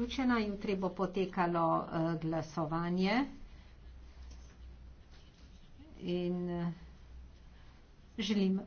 zaključena. Jutri bo potekalo eh, glasovanje. In eh, želim.